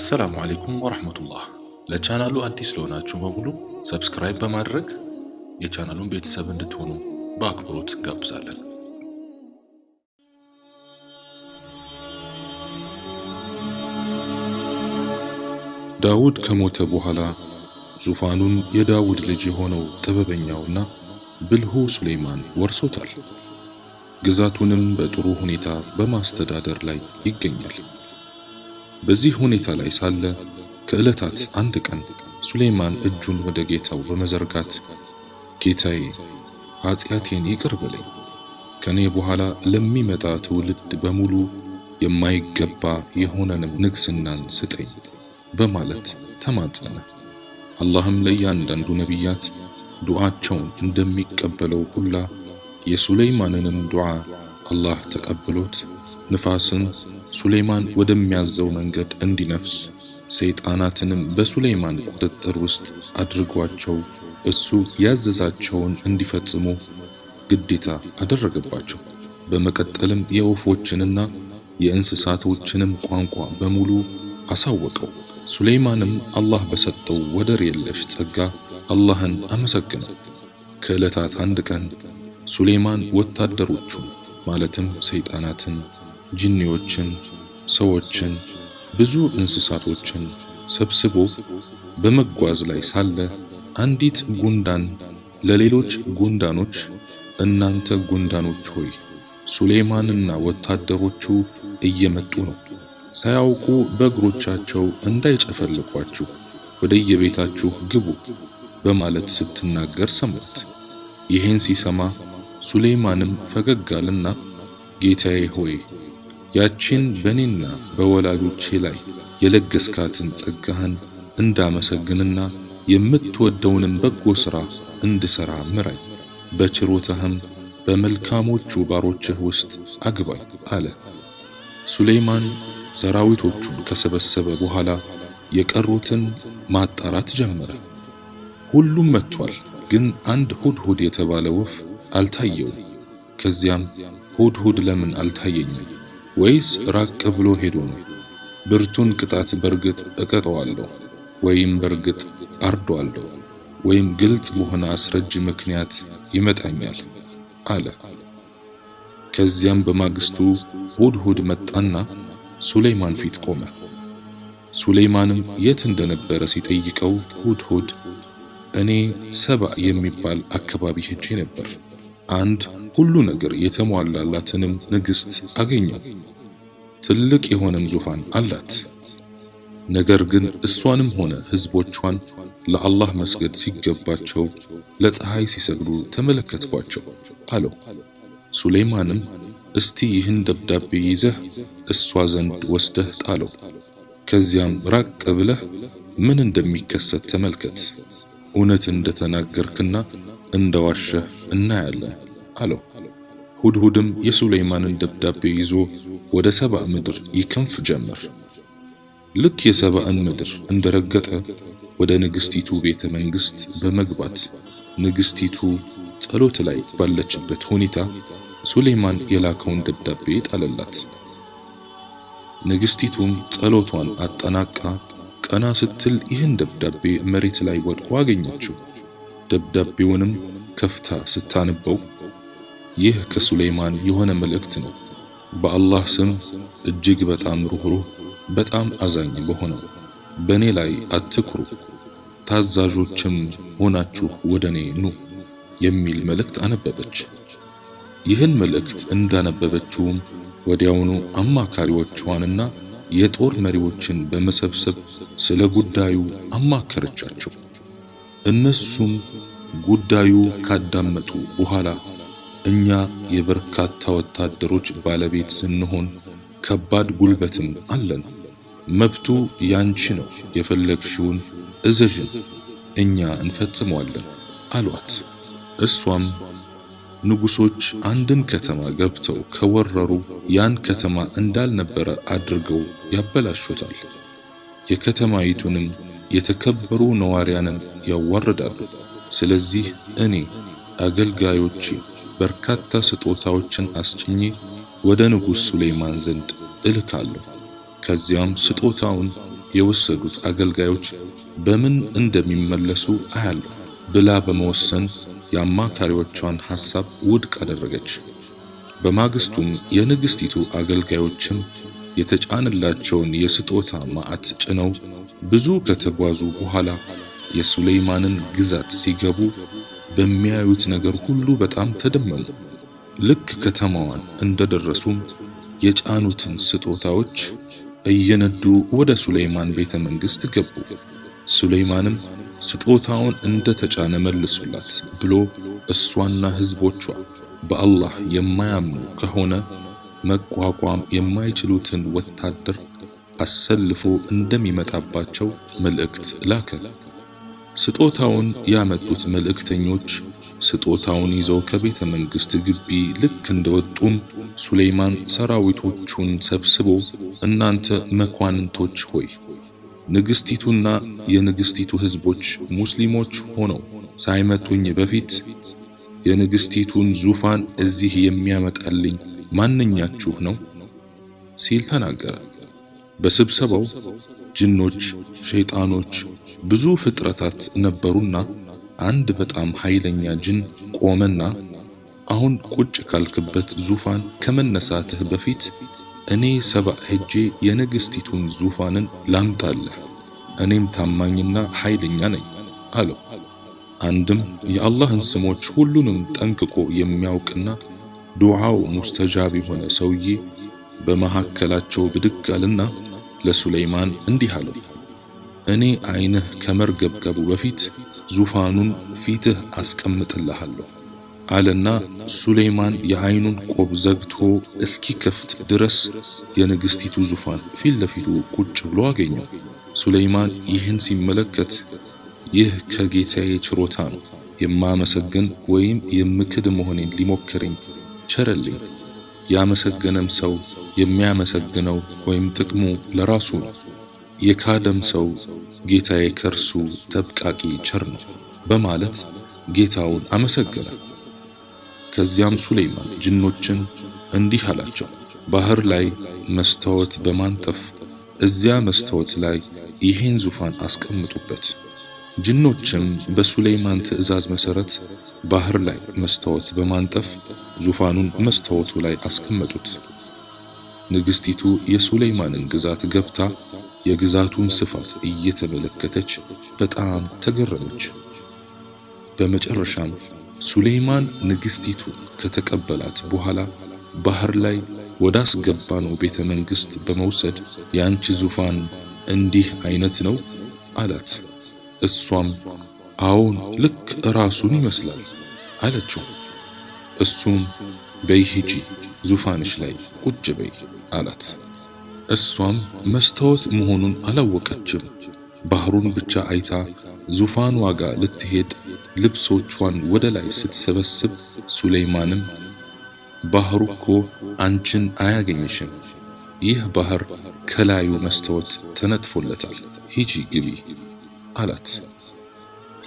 አሰላሙ አሌይኩም ወረህመቱላህ። ለቻናሉ አዲስ ለሆናችሁ በሙሉ ሰብስክራይብ በማድረግ የቻናሉን ቤተሰብ እንድትሆኑ በአክብሮት እንጋብዛለን። ዳውድ ከሞተ በኋላ ዙፋኑን የዳውድ ልጅ የሆነው ጥበበኛውና ብልሁ ሱሌይማን ወርሶታል። ግዛቱንም በጥሩ ሁኔታ በማስተዳደር ላይ ይገኛል። በዚህ ሁኔታ ላይ ሳለ ከዕለታት አንድ ቀን ሱሌይማን እጁን ወደ ጌታው በመዘርጋት ጌታዬ ኃጢአቴን ይቅር በለኝ፣ ከኔ በኋላ ለሚመጣ ትውልድ በሙሉ የማይገባ የሆነንም ንግስናን ስጠኝ በማለት ተማጸነ። አላህም ለእያንዳንዱ ነቢያት ዱዓቸውን እንደሚቀበለው ሁላ የሱሌይማንንም ዱዓ አላህ ተቀብሎት ንፋስን ሱሌይማን ወደሚያዘው መንገድ እንዲነፍስ ሰይጣናትንም በሱሌይማን ቁጥጥር ውስጥ አድርጓቸው እሱ ያዘዛቸውን እንዲፈጽሙ ግዴታ አደረገባቸው። በመቀጠልም የወፎችንና የእንስሳቶችንም ቋንቋ በሙሉ አሳወቀው። ሱሌይማንም አላህ በሰጠው ወደር የለሽ ጸጋ አላህን አመሰግነው። ከዕለታት አንድ ቀን ሱሌይማን ወታደሮቹን ማለትም ሰይጣናትን፣ ጅኒዎችን፣ ሰዎችን፣ ብዙ እንስሳቶችን ሰብስቦ በመጓዝ ላይ ሳለ አንዲት ጉንዳን ለሌሎች ጉንዳኖች እናንተ ጉንዳኖች ሆይ ሱሌይማንና ወታደሮቹ እየመጡ ነው፣ ሳያውቁ በእግሮቻቸው እንዳይጨፈልቋችሁ ወደየቤታችሁ ግቡ በማለት ስትናገር ሰሙት። ይህን ሲሰማ ሱሌይማንም ፈገግ አለና ጌታዬ ሆይ ያቺን በእኔና በወላጆቼ ላይ የለገስካትን ጸጋህን እንዳመሰግንና የምትወደውንም በጎ ሥራ እንድሠራ ምራኝ፣ በችሮታህም በመልካሞቹ ባሮችህ ውስጥ አግባኝ አለ። ሱሌይማን ሰራዊቶቹን ከሰበሰበ በኋላ የቀሩትን ማጣራት ጀመረ። ሁሉም መጥቷል፣ ግን አንድ ሁድሁድ የተባለ ወፍ አልታየውም። ከዚያም ሁድሁድ ለምን አልታየኝም? ወይስ ራቅ ብሎ ሄዶ ነው? ብርቱን ቅጣት በርግጥ እቀጠዋለሁ፣ ወይም በርግጥ አርዶአለሁ፣ ወይም ግልጽ በሆነ አስረጅ ምክንያት ይመጣኛል አለ። ከዚያም በማግስቱ ሁድሁድ መጣና ሱለይማን ፊት ቆመ። ሱሌይማንም የት እንደነበረ ሲጠይቀው ሁድሁድ እኔ ሰባ የሚባል አካባቢ ሄጄ ነበር አንድ ሁሉ ነገር የተሟላላትንም ንግሥት አገኘው። ትልቅ የሆነም ዙፋን አላት። ነገር ግን እሷንም ሆነ ሕዝቦቿን ለአላህ መስገድ ሲገባቸው ለፀሐይ ሲሰግዱ ተመለከትኳቸው አለው። ሱሌይማንም እስቲ ይህን ደብዳቤ ይዘህ እሷ ዘንድ ወስደህ ጣለው፣ ከዚያም ራቅ ብለህ ምን እንደሚከሰት ተመልከት። እውነት እንደተናገርክና እንደዋሸ እናያለን አለው። ሁድሁድም የሱለይማንን ደብዳቤ ይዞ ወደ ሰብአ ምድር ይከንፍ ጀመር። ልክ የሰብአን ምድር እንደረገጠ ወደ ንግስቲቱ ቤተ መንግስት በመግባት ንግስቲቱ ጸሎት ላይ ባለችበት ሁኔታ ሱሌይማን የላከውን ደብዳቤ ጣለላት። ንግስቲቱም ጸሎቷን አጠናቃ ቀና ስትል ይህን ደብዳቤ መሬት ላይ ወድቆ አገኘችው። ደብዳቤውንም ከፍታ ስታነበው ይህ ከሱሌይማን የሆነ መልእክት ነው። በአላህ ስም እጅግ በጣም ሩህሩህ በጣም አዛኝ በሆነው በእኔ ላይ አትኩሩ፣ ታዛዦችም ሆናችሁ ወደ እኔ ኑ የሚል መልእክት አነበበች። ይህን መልእክት እንዳነበበችውም ወዲያውኑ አማካሪዎቿንና የጦር መሪዎችን በመሰብሰብ ስለ ጉዳዩ አማከረቻቸው። እነሱም ጉዳዩ ካዳመጡ በኋላ እኛ የበርካታ ወታደሮች ባለቤት ስንሆን ከባድ ጉልበትም አለን፣ መብቱ ያንቺ ነው፣ የፈለግሽውን እዘዥን፣ እኛ እንፈጽመዋለን አሏት። እሷም ንጉሶች አንድን ከተማ ገብተው ከወረሩ ያን ከተማ እንዳልነበረ አድርገው ያበላሹታል፣ የከተማይቱንም የተከበሩ ነዋሪያንን ያዋርዳሉ። ስለዚህ እኔ አገልጋዮች በርካታ ስጦታዎችን አስጭኜ ወደ ንጉሥ ሱሌይማን ዘንድ እልካለሁ። ከዚያም ስጦታውን የወሰዱት አገልጋዮች በምን እንደሚመለሱ አያለሁ ብላ በመወሰን የአማካሪዎቿን ሐሳብ ውድቅ አደረገች። በማግስቱም የንግሥቲቱ አገልጋዮችም። የተጫነላቸውን የስጦታ ማዕት ጭነው ብዙ ከተጓዙ በኋላ የሱለይማንን ግዛት ሲገቡ በሚያዩት ነገር ሁሉ በጣም ተደመሙ። ልክ ከተማዋን እንደደረሱም የጫኑትን ስጦታዎች እየነዱ ወደ ሱለይማን ቤተ መንግስት ገቡ። ሱለይማንም ስጦታውን እንደተጫነ መልሱላት ብሎ እሷና ሕዝቦቿ በአላህ የማያምኑ ከሆነ መቋቋም የማይችሉትን ወታደር አሰልፎ እንደሚመጣባቸው መልእክት ላከ። ስጦታውን ያመጡት መልእክተኞች ስጦታውን ይዘው ከቤተ መንግሥት ግቢ ልክ እንደወጡም ሱሌይማን ሰራዊቶቹን ሰብስቦ እናንተ መኳንንቶች ሆይ ንግሥቲቱና የንግሥቲቱ ሕዝቦች ሙስሊሞች ሆነው ሳይመጡኝ በፊት የንግሥቲቱን ዙፋን እዚህ የሚያመጣልኝ ማንኛችሁ ነው ሲል ተናገረ። በስብሰባው ጅኖች፣ ሸይጣኖች፣ ብዙ ፍጥረታት ነበሩና አንድ በጣም ኃይለኛ ጅን ቆመና አሁን ቁጭ ካልክበት ዙፋን ከመነሳትህ በፊት እኔ ሰባ ሄጄ የንግሥቲቱን ዙፋንን ላምጣለህ፣ እኔም ታማኝና ኃይለኛ ነኝ አለው። አንድም የአላህን ስሞች ሁሉንም ጠንቅቆ የሚያውቅና ዱዓው ሙስተጃብ የሆነ ሰውዬ በመሃከላቸው ብድግ አለና ለሱለይማን እንዲህ አለው፣ እኔ ዓይንህ ከመርገብገቡ በፊት ዙፋኑን ፊትህ አስቀምጥልሃለሁ አለና ሱለይማን የአይኑን ቆብ ዘግቶ እስኪ ከፍት ድረስ የንግሥቲቱ ዙፋን ፊት ለፊቱ ቁጭ ብሎ አገኘው። ሱለይማን ይህን ሲመለከት ይህ ከጌታዬ ችሮታ ነው የማመሰግን ወይም የምክድ መሆኔን ሊሞክረኝ ቸረልኝ። ያመሰገነም ሰው የሚያመሰግነው ወይም ጥቅሙ ለራሱ ነው። የካደም ሰው ጌታዬ የከርሱ ተብቃቂ ቸር ነው በማለት ጌታውን አመሰገነ። ከዚያም ሱሌይማን ጅኖችን እንዲህ አላቸው፣ ባህር ላይ መስታወት በማንጠፍ እዚያ መስታወት ላይ ይህን ዙፋን አስቀምጡበት ጅኖችም በሱሌይማን ትእዛዝ መሰረት ባህር ላይ መስታወት በማንጠፍ ዙፋኑን መስታወቱ ላይ አስቀመጡት። ንግስቲቱ የሱሌይማንን ግዛት ገብታ የግዛቱን ስፋት እየተመለከተች በጣም ተገረመች። በመጨረሻም ሱሌይማን ንግስቲቱ ከተቀበላት በኋላ ባህር ላይ ወዳስገባነው ቤተ መንግስት በመውሰድ የአንቺ ዙፋን እንዲህ አይነት ነው አላት። እሷም አዎን ልክ ራሱን ይመስላል አለችው። እሱም በይ ሂጂ ዙፋንሽ ላይ ቁጭ በይ አላት። እሷም መስታወት መሆኑን አላወቀችም። ባህሩን ብቻ አይታ ዙፋን ዋጋ ልትሄድ ልብሶቿን ወደ ላይ ስትሰበስብ ሱሌይማንም ባህሩ እኮ አንቺን አያገኝሽም፣ ይህ ባህር ከላዩ መስታወት ተነጥፎለታል፣ ሂጂ ግቢ አላት።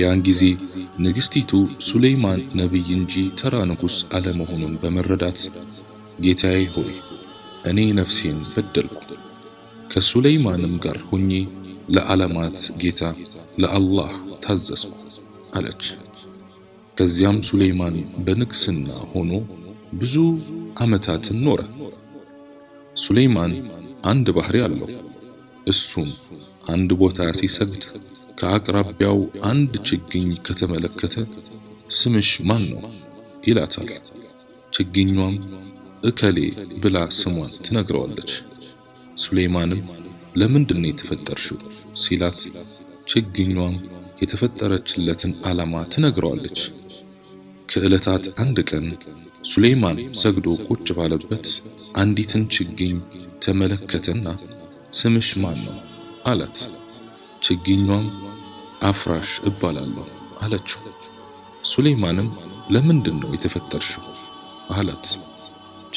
ያን ጊዜ ንግስቲቱ ሱሌይማን ነቢይ እንጂ ተራ ንጉሥ አለመሆኑን በመረዳት ጌታዬ ሆይ እኔ ነፍሴን በደልኩ፣ ከሱሌይማንም ጋር ሆኜ ለዓለማት ጌታ ለአላህ ታዘዝኩ አለች። ከዚያም ሱሌይማን በንግስና ሆኖ ብዙ ዓመታትን ኖረ። ሱሌይማን አንድ ባህሪ አለው። እሱም አንድ ቦታ ሲሰግድ ከአቅራቢያው አንድ ችግኝ ከተመለከተ ስምሽ ማን ነው ይላታል። ችግኟም እከሌ ብላ ስሟን ትነግረዋለች። ሱሌይማንም ለምንድን ነው የተፈጠርሽው ሲላት ችግኟም የተፈጠረችለትን ዓላማ ትነግረዋለች። ከዕለታት አንድ ቀን ሱሌይማን ሰግዶ ቁጭ ባለበት አንዲትን ችግኝ ተመለከተና ስምሽ ማን ነው አላት። ችግኟም አፍራሽ እባላለሁ አለችው። ሱሌይማንም ለምንድን ነው የተፈጠርሽው አላት።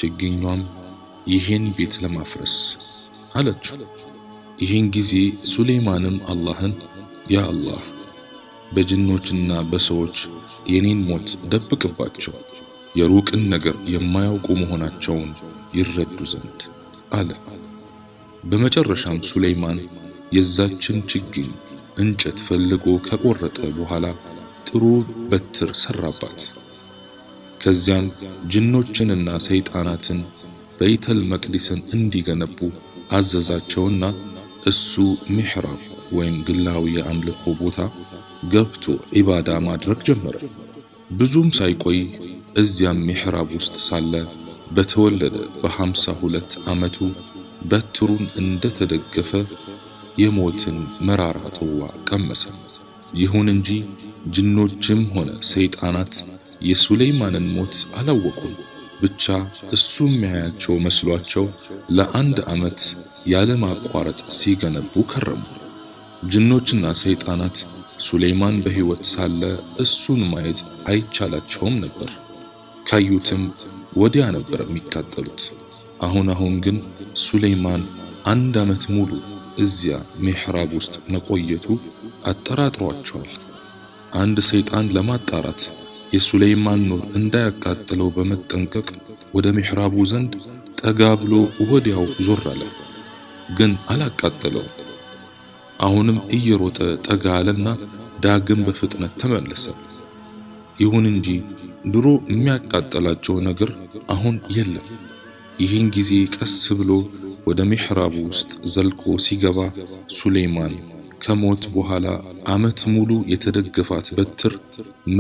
ችግኟም ይሄን ቤት ለማፍረስ አለችው። ይህን ጊዜ ሱሌይማንም አላህን ያ አላህ በጅኖችና በሰዎች የኔን ሞት ደብቅባቸው የሩቅን ነገር የማያውቁ መሆናቸውን ይረዱ ዘንድ አለ። በመጨረሻም ሱሌይማን የዛችን ችግኝ እንጨት ፈልጎ ከቆረጠ በኋላ ጥሩ በትር ሰራባት። ከዚያም ጅኖችንና ሰይጣናትን በይተል መቅዲስን እንዲገነቡ አዘዛቸውና እሱ ምሕራብ ወይም ግላዊ የአምልኮ ቦታ ገብቶ ዒባዳ ማድረግ ጀመረ። ብዙም ሳይቆይ እዚያም ምሕራብ ውስጥ ሳለ በተወለደ በሃምሳ ሁለት ዓመቱ በትሩን እንደተደገፈ የሞትን መራራ ጽዋ ቀመሰ። ይሁን እንጂ ጅኖችም ሆነ ሰይጣናት የሱለይማንን ሞት አላወቁም። ብቻ እሱ የሚያያቸው መስሏቸው ለአንድ ዓመት ያለማቋረጥ ሲገነቡ ከረሙ። ጅኖችና ሰይጣናት ሱለይማን በሕይወት ሳለ እሱን ማየት አይቻላቸውም ነበር። ካዩትም ወዲያ ነበር የሚቃጠሉት። አሁን አሁን ግን ሱለይማን አንድ ዓመት ሙሉ እዚያ ሚሕራብ ውስጥ መቆየቱ አጠራጥሯቸዋል። አንድ ሰይጣን ለማጣራት የሱለይማን ኑር እንዳያቃጥለው በመጠንቀቅ ወደ ሚሕራቡ ዘንድ ጠጋ ብሎ ወዲያው ዞር አለ። ግን አላቃጠለው። አሁንም እየሮጠ ጠጋ አለና ዳግም በፍጥነት ተመለሰ። ይሁን እንጂ ድሮ የሚያቃጠላቸው ነገር አሁን የለም። ይህን ጊዜ ቀስ ብሎ ወደ ምሕራቡ ውስጥ ዘልቆ ሲገባ ሱሌይማን ከሞት በኋላ ዓመት ሙሉ የተደገፋት በትር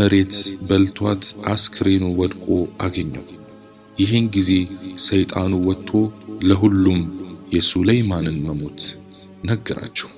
መሬት በልቷት አስክሬኑ ወድቆ አገኘው። ይህን ጊዜ ሰይጣኑ ወጥቶ ለሁሉም የሱሌይማንን መሞት ነገራቸው።